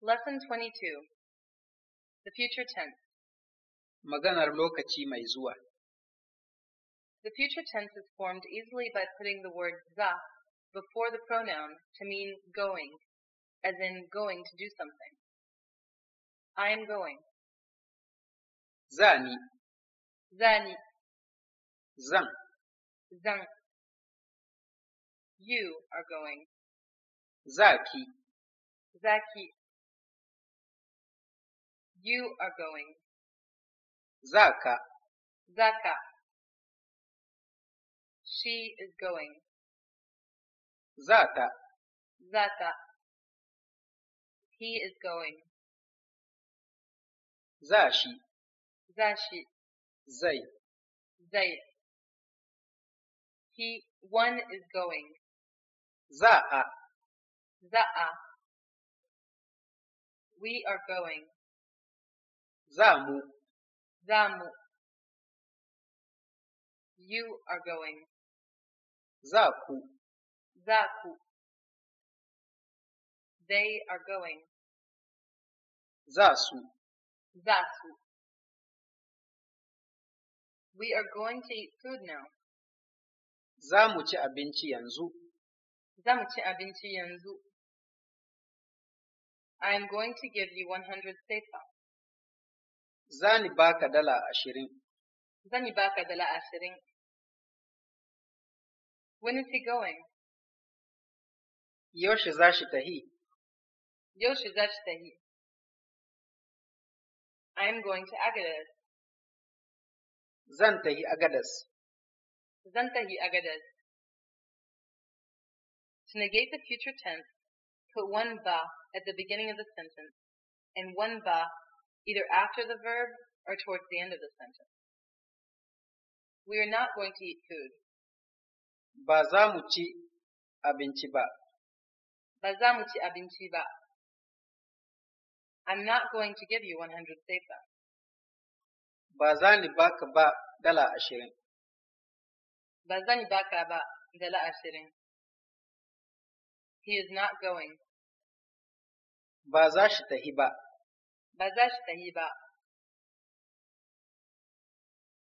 Lesson 22 The Future Tense Maganar lokaci mai zuwa The future tense is formed easily by putting the word za before the pronoun to mean going, as in going to do something. I am going. Zani. Zani. Zang. Zang. You are going. Zaki. Zaki. You are going. Zaka. Zaka. She is going. Zata. Zata. He is going. Zashi. Zashi. Zay. Zay. He, one is going. Za'a. Za'a. We are going. Zamu. Zamu. You are going. Zaku. Zaku. They are going. Zasu. Zasu. We are going to eat food now. Zamu ci abinci yanzu. Zamu ci abinci yanzu. I am going to give you 100 sepa. Zani ni baka dala ashirin. Zani baka dala ashirin. When is he going? Yaushe za shi tahi? Yaushe za tahi? I am going to Agadez. Zan tahi Agadez. Zan tahi Agadez. To negate the future tense, put one ba at the beginning of the sentence and one ba either after the verb or towards the end of the sentence. We are not going to eat food. Ba za mu ci abinci ba. Ba za I'm not going to give you 100 sefa. Ba ni baka ba dala ashirin. Ba ni baka ba dala ashirin. He is not going. Ba za shi ba. بز با